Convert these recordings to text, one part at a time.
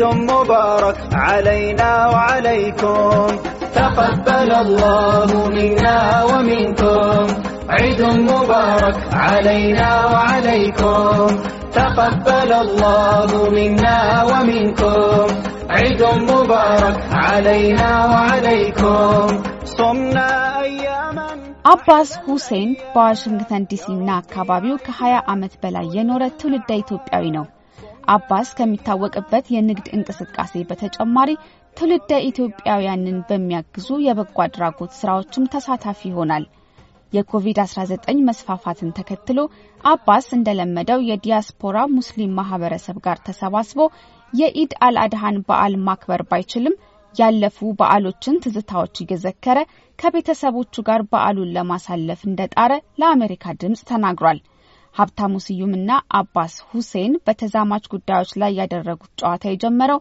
عيد مبارك علينا وعليكم تقبل الله منا ومنكم عيد مبارك علينا وعليكم تقبل الله منا ومنكم عيد مبارك علينا وعليكم صمنا አባስ ሁሴን በዋሽንግተን ዲሲና አካባቢው ከ20 ዓመት በላይ የኖረ ትውልደ ኢትዮጵያዊ ነው። አባስ ከሚታወቅበት የንግድ እንቅስቃሴ በተጨማሪ ትውልደ ኢትዮጵያውያንን በሚያግዙ የበጎ አድራጎት ስራዎችም ተሳታፊ ይሆናል። የኮቪድ-19 መስፋፋትን ተከትሎ አባስ እንደለመደው የዲያስፖራ ሙስሊም ማህበረሰብ ጋር ተሰባስቦ የኢድ አልአድሃን በዓል ማክበር ባይችልም ያለፉ በዓሎችን ትዝታዎች እየዘከረ ከቤተሰቦቹ ጋር በዓሉን ለማሳለፍ እንደጣረ ለአሜሪካ ድምፅ ተናግሯል። ሀብታሙ ስዩምና አባስ ሁሴን በተዛማች ጉዳዮች ላይ ያደረጉት ጨዋታ የጀመረው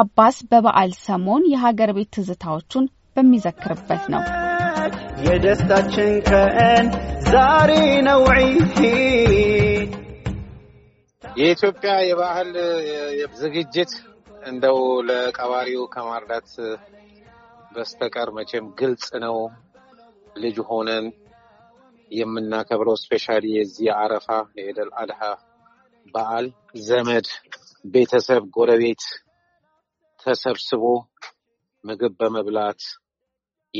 አባስ በበዓል ሰሞን የሀገር ቤት ትዝታዎቹን በሚዘክርበት ነው። የደስታችን ቀን ዛሬ ነው። የኢትዮጵያ የባህል ዝግጅት እንደው ለቀባሪው ከማርዳት በስተቀር መቼም ግልጽ ነው። ልጅ ሆነን የምናከብረው ስፔሻሊ የዚህ አረፋ የደል አድሃ በዓል ዘመድ፣ ቤተሰብ፣ ጎረቤት ተሰብስቦ ምግብ በመብላት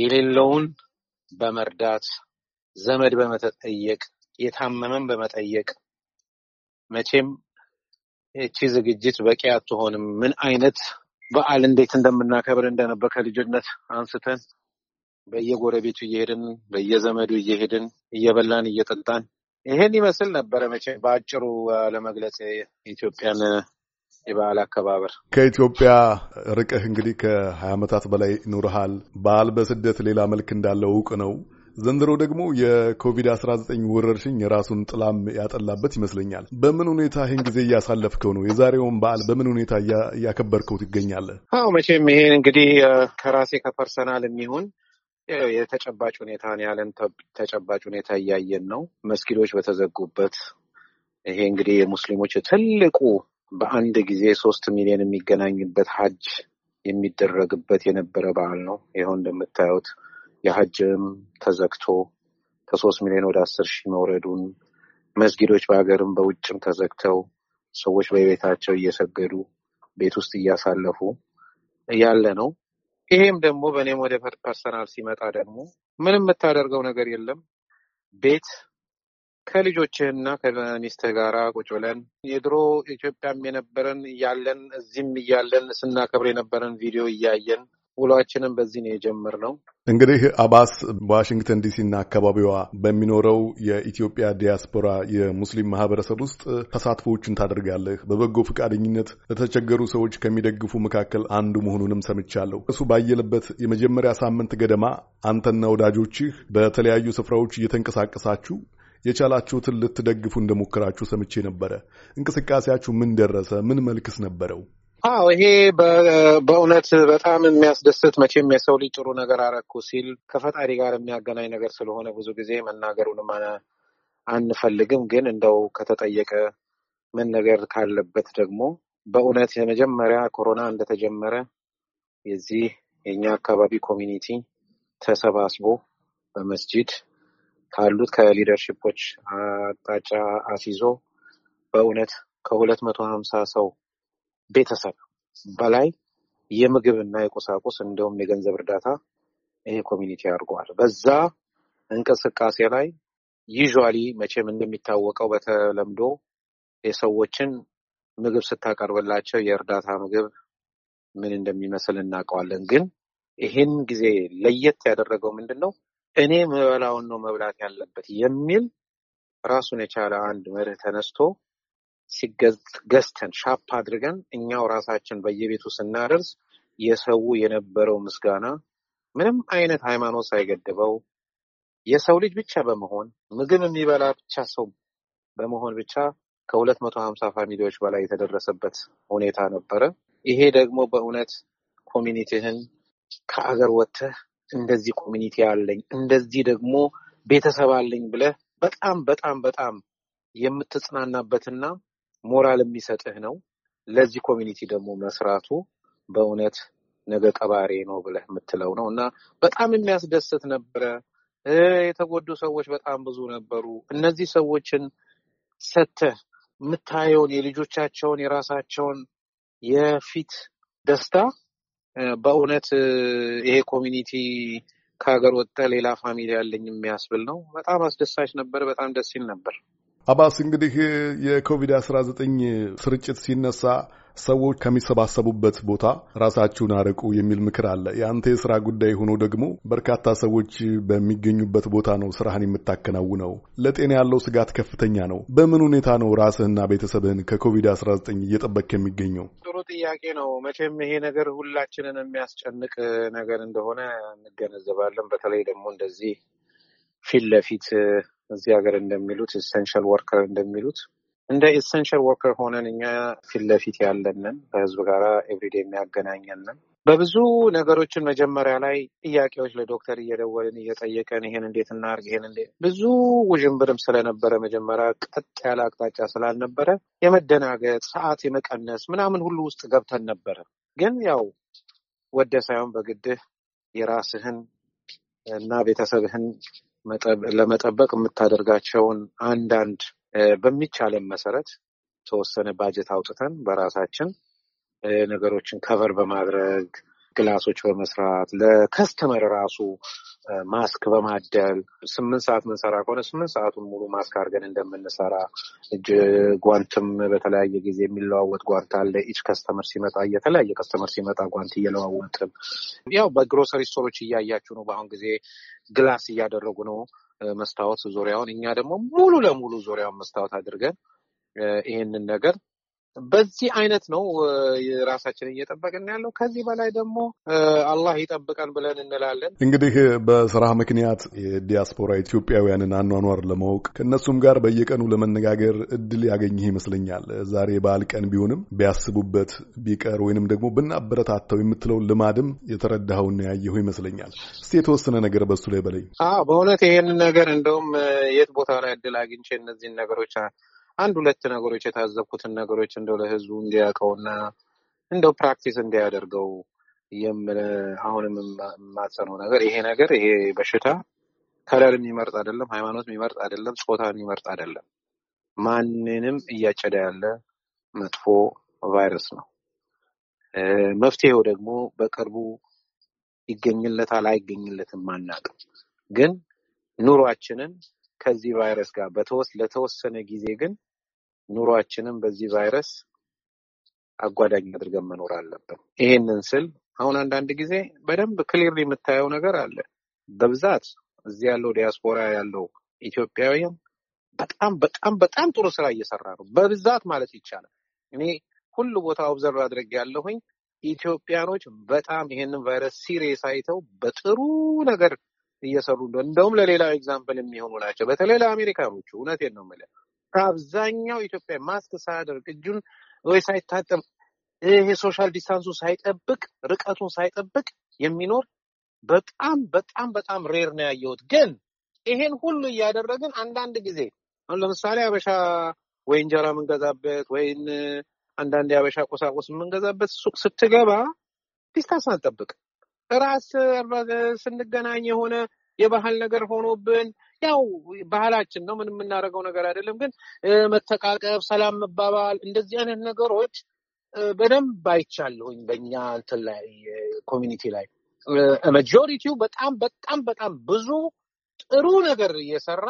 የሌለውን በመርዳት ዘመድ በመጠየቅ የታመመን በመጠየቅ መቼም ይቺ ዝግጅት በቂ አትሆንም። ምን አይነት በዓል እንዴት እንደምናከብር እንደነበር ከልጅነት አንስተን በየጎረቤቱ እየሄድን በየዘመዱ እየሄድን እየበላን እየጠጣን ይሄን ይመስል ነበረ። መቼ በአጭሩ ለመግለጽ የኢትዮጵያን የበዓል አከባበር። ከኢትዮጵያ ርቅህ እንግዲህ ከሀያ ዓመታት በላይ ኑርሃል። በዓል በስደት ሌላ መልክ እንዳለው እውቅ ነው። ዘንድሮ ደግሞ የኮቪድ-19 ወረርሽኝ የራሱን ጥላም ያጠላበት ይመስለኛል። በምን ሁኔታ ይህን ጊዜ እያሳለፍከው ነው? የዛሬውን በዓል በምን ሁኔታ እያከበርከው ትገኛለህ? አዎ መቼም ይሄን እንግዲህ ከራሴ ከፐርሰናል የሚሆን የተጨባጭ ሁኔታ ያለን ተጨባጭ ሁኔታ እያየን ነው። መስጊዶች በተዘጉበት ይሄ እንግዲህ የሙስሊሞች ትልቁ በአንድ ጊዜ ሶስት ሚሊዮን የሚገናኝበት ሀጅ የሚደረግበት የነበረ በዓል ነው። ይኸው እንደምታዩት የሀጅም ተዘግቶ ከሶስት ሚሊዮን ወደ አስር ሺህ መውረዱን መስጊዶች በሀገርም በውጭም ተዘግተው ሰዎች በቤታቸው እየሰገዱ ቤት ውስጥ እያሳለፉ ያለ ነው። ይሄም ደግሞ በእኔም ወደ ፐርሰናል ሲመጣ ደግሞ ምንም የምታደርገው ነገር የለም። ቤት ከልጆችህና ከሚስትህ ጋራ ቁጭ ብለን የድሮ ኢትዮጵያም የነበረን እያለን እዚህም እያለን ስናከብር የነበረን ቪዲዮ እያየን ውሏችንም በዚህ ነው የጀመርነው። እንግዲህ አባስ በዋሽንግተን ዲሲና አካባቢዋ በሚኖረው የኢትዮጵያ ዲያስፖራ የሙስሊም ማህበረሰብ ውስጥ ተሳትፎዎችን ታደርጋለህ። በበጎ ፈቃደኝነት ለተቸገሩ ሰዎች ከሚደግፉ መካከል አንዱ መሆኑንም ሰምቻለሁ። እሱ ባየለበት የመጀመሪያ ሳምንት ገደማ አንተና ወዳጆችህ በተለያዩ ስፍራዎች እየተንቀሳቀሳችሁ የቻላችሁትን ልትደግፉ እንደሞከራችሁ ሰምቼ ነበረ። እንቅስቃሴያችሁ ምን ደረሰ? ምን መልክስ ነበረው? አዎ ይሄ በእውነት በጣም የሚያስደስት መቼም የሰው ልጅ ጥሩ ነገር አረኩ ሲል ከፈጣሪ ጋር የሚያገናኝ ነገር ስለሆነ ብዙ ጊዜ መናገሩንም አንፈልግም። ግን እንደው ከተጠየቀ መነገር ካለበት ደግሞ በእውነት የመጀመሪያ ኮሮና እንደተጀመረ የዚህ የእኛ አካባቢ ኮሚኒቲ ተሰባስቦ በመስጂድ ካሉት ከሊደርሽፖች አቅጣጫ አስይዞ በእውነት ከሁለት መቶ ሀምሳ ሰው ቤተሰብ በላይ የምግብና የቁሳቁስ እንዲሁም የገንዘብ እርዳታ ይሄ ኮሚኒቲ አድርገዋል። በዛ እንቅስቃሴ ላይ ዩዥዋሊ መቼም እንደሚታወቀው በተለምዶ የሰዎችን ምግብ ስታቀርብላቸው የእርዳታ ምግብ ምን እንደሚመስል እናውቀዋለን። ግን ይህን ጊዜ ለየት ያደረገው ምንድን ነው? እኔ ምበላውን ነው መብላት ያለበት የሚል ራሱን የቻለ አንድ መርህ ተነስቶ ገዝተን ሻፕ አድርገን እኛው ራሳችን በየቤቱ ስናደርስ የሰው የነበረው ምስጋና ምንም አይነት ሃይማኖት ሳይገድበው የሰው ልጅ ብቻ በመሆን ምግብ የሚበላ ብቻ ሰው በመሆን ብቻ ከሁለት መቶ ሀምሳ ፋሚሊዎች በላይ የተደረሰበት ሁኔታ ነበረ። ይሄ ደግሞ በእውነት ኮሚኒቲህን ከአገር ወጥተህ እንደዚህ ኮሚኒቲ አለኝ እንደዚህ ደግሞ ቤተሰብ አለኝ ብለህ በጣም በጣም በጣም የምትጽናናበትና ሞራል የሚሰጥህ ነው። ለዚህ ኮሚኒቲ ደግሞ መስራቱ በእውነት ነገ ቀባሪ ነው ብለህ የምትለው ነው እና በጣም የሚያስደስት ነበረ። የተጎዱ ሰዎች በጣም ብዙ ነበሩ። እነዚህ ሰዎችን ሰተህ የምታየውን የልጆቻቸውን የራሳቸውን የፊት ደስታ በእውነት ይሄ ኮሚኒቲ ከሀገር ወጥተ ሌላ ፋሚሊ ያለኝ የሚያስብል ነው። በጣም አስደሳች ነበር። በጣም ደስ ይል ነበር። አባስ እንግዲህ የኮቪድ-19 ስርጭት ሲነሳ ሰዎች ከሚሰባሰቡበት ቦታ ራሳችሁን አርቁ የሚል ምክር አለ። የአንተ የስራ ጉዳይ ሆኖ ደግሞ በርካታ ሰዎች በሚገኙበት ቦታ ነው ስራህን የምታከናውነው። ለጤና ያለው ስጋት ከፍተኛ ነው። በምን ሁኔታ ነው ራስህና ቤተሰብህን ከኮቪድ-19 እየጠበቅ የሚገኘው? ጥሩ ጥያቄ ነው። መቼም ይሄ ነገር ሁላችንን የሚያስጨንቅ ነገር እንደሆነ እንገነዘባለን። በተለይ ደግሞ እንደዚህ ፊት ለፊት እዚህ ሀገር እንደሚሉት ኤሴንሻል ወርከር እንደሚሉት እንደ ኤሴንሻል ወርከር ሆነን እኛ ፊት ለፊት ያለንን በህዝብ ጋር ኤቭሪዴ የሚያገናኘንን በብዙ ነገሮችን መጀመሪያ ላይ ጥያቄዎች ለዶክተር እየደወልን እየጠየቀን ይሄን እንዴት እናርግ ይሄን እንዴት ብዙ ውዥንብርም ስለነበረ መጀመሪያ ቀጥ ያለ አቅጣጫ ስላልነበረ የመደናገጥ ሰዓት የመቀነስ ምናምን ሁሉ ውስጥ ገብተን ነበረ። ግን ያው ወደ ሳይሆን በግድህ የራስህን እና ቤተሰብህን ለመጠበቅ የምታደርጋቸውን አንዳንድ በሚቻለን መሰረት ተወሰነ ባጀት አውጥተን በራሳችን ነገሮችን ከቨር በማድረግ ግላሶች በመስራት ለከስተመር ራሱ ማስክ በማደል ስምንት ሰዓት ምንሰራ ከሆነ ስምንት ሰዓቱን ሙሉ ማስክ አድርገን እንደምንሰራ እጅ ጓንትም በተለያየ ጊዜ የሚለዋወጥ ጓንት አለ። ኢች ከስተመር ሲመጣ እየተለያየ ከስተመር ሲመጣ ጓንት እየለዋወጥም ያው በግሮሰሪ ስቶሮች እያያችሁ ነው። በአሁን ጊዜ ግላስ እያደረጉ ነው መስታወት ዙሪያውን። እኛ ደግሞ ሙሉ ለሙሉ ዙሪያውን መስታወት አድርገን ይህንን ነገር በዚህ አይነት ነው ራሳችን እየጠበቅን ያለው። ከዚህ በላይ ደግሞ አላህ ይጠብቀን ብለን እንላለን። እንግዲህ በስራ ምክንያት የዲያስፖራ ኢትዮጵያውያንን አኗኗር ለማወቅ ከእነሱም ጋር በየቀኑ ለመነጋገር እድል ያገኝህ ይመስለኛል። ዛሬ በዓል ቀን ቢሆንም ቢያስቡበት ቢቀር ወይንም ደግሞ ብናበረታታው የምትለው ልማድም የተረዳኸውን ያየሁ ይመስለኛል። እስቲ የተወሰነ ነገር በሱ ላይ በለኝ። በእውነት ይሄን ነገር እንደውም የት ቦታ ላይ እድል አግኝቼ እነዚህን ነገሮች አንድ ሁለት ነገሮች የታዘብኩትን ነገሮች እንደው ለህዝቡ እንዲያውቀውና እንደው ፕራክቲስ እንዲያደርገው የምል አሁንም የማጸነው ነገር ይሄ ነገር ይሄ በሽታ ከለር የሚመርጥ አይደለም፣ ሃይማኖት የሚመርጥ አይደለም፣ ጾታ የሚመርጥ አይደለም። ማንንም እያጨደ ያለ መጥፎ ቫይረስ ነው። መፍትሄው ደግሞ በቅርቡ ይገኝለታል አይገኝለትም አናውቅም። ግን ኑሯችንን ከዚህ ቫይረስ ጋር በተወስ ለተወሰነ ጊዜ ግን ኑሯችንም በዚህ ቫይረስ አጓዳኝ አድርገን መኖር አለብን። ይሄንን ስል አሁን አንዳንድ ጊዜ በደንብ ክሊር የምታየው ነገር አለ። በብዛት እዚህ ያለው ዲያስፖራ ያለው ኢትዮጵያውያን በጣም በጣም በጣም ጥሩ ስራ እየሰራ ነው። በብዛት ማለት ይቻላል እኔ ሁሉ ቦታ ኦብዘርቭ አድርግ ያለሁኝ ኢትዮጵያኖች በጣም ይሄንን ቫይረስ ሲሪየስ አይተው በጥሩ ነገር እየሰሩ እንደሆነ እንደውም ለሌላው ኤግዛምፕል የሚሆኑ ናቸው። በተለይ ለአሜሪካኖቹ እውነቴን ነው የምልህ አብዛኛው ኢትዮጵያ ማስክ ሳያደርግ እጁን ወይ ሳይታጠብ ይሄ ሶሻል ዲስታንሱ ሳይጠብቅ ርቀቱን ሳይጠብቅ የሚኖር በጣም በጣም በጣም ሬር ነው ያየሁት። ግን ይሄን ሁሉ እያደረግን አንዳንድ ጊዜ አሁን ለምሳሌ አበሻ ወይ እንጀራ የምንገዛበት ወይን አንዳንድ የአበሻ ቁሳቁስ የምንገዛበት ሱቅ ስትገባ ዲስታንስ አንጠብቅ ራስ ስንገናኝ የሆነ የባህል ነገር ሆኖብን ያው ባህላችን ነው። ምን የምናደርገው ነገር አይደለም። ግን መተቃቀብ፣ ሰላም መባባል እንደዚህ አይነት ነገሮች በደንብ አይቻለሁኝ በእኛ እንትን ላይ ኮሚኒቲ ላይ መጆሪቲው በጣም በጣም በጣም ብዙ ጥሩ ነገር እየሰራ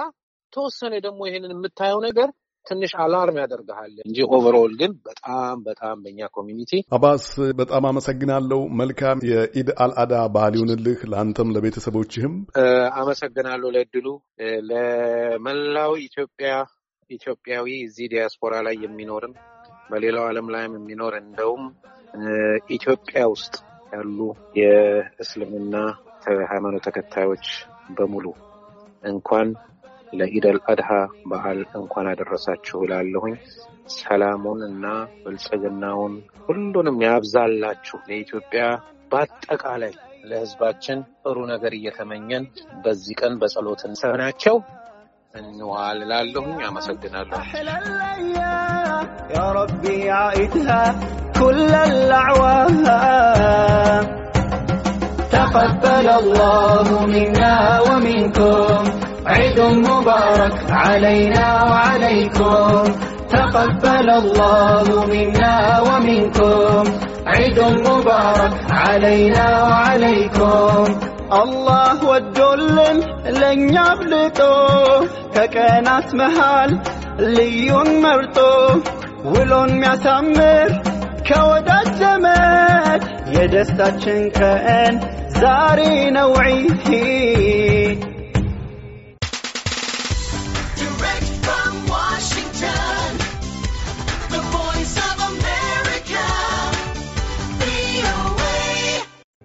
ተወሰነ ደግሞ ይሄንን የምታየው ነገር ትንሽ አላርም ያደርግሃል እንጂ ኦቨርኦል ግን በጣም በጣም በእኛ ኮሚኒቲ። አባስ በጣም አመሰግናለሁ። መልካም የኢድ አልአዳ ባህል ይሁንልህ ለአንተም ለቤተሰቦችህም። አመሰግናለሁ ለእድሉ ለመላው ኢትዮጵያ ኢትዮጵያዊ እዚህ ዲያስፖራ ላይ የሚኖርም በሌላው ዓለም ላይም የሚኖር እንደውም ኢትዮጵያ ውስጥ ያሉ የእስልምና ሃይማኖት ተከታዮች በሙሉ እንኳን ለኢደል አድሃ በዓል እንኳን አደረሳችሁ ላለሁኝ ሰላሙን እና ብልጽግናውን ሁሉንም ያብዛላችሁ ለኢትዮጵያ በአጠቃላይ ለህዝባችን ጥሩ ነገር እየተመኘን በዚህ ቀን በጸሎት እንሰናቸው እንዋል ላለሁኝ አመሰግናለሁ። تقبل الله منا ومنكم عيد مبارك علينا وعليكم تقبل الله منا ومنكم عيد مبارك علينا وعليكم الله والدلن لن يبلطو ككانت مهال ليون مرطو ولون ميسمر كودا الزمان يدستا كان زاري نوعي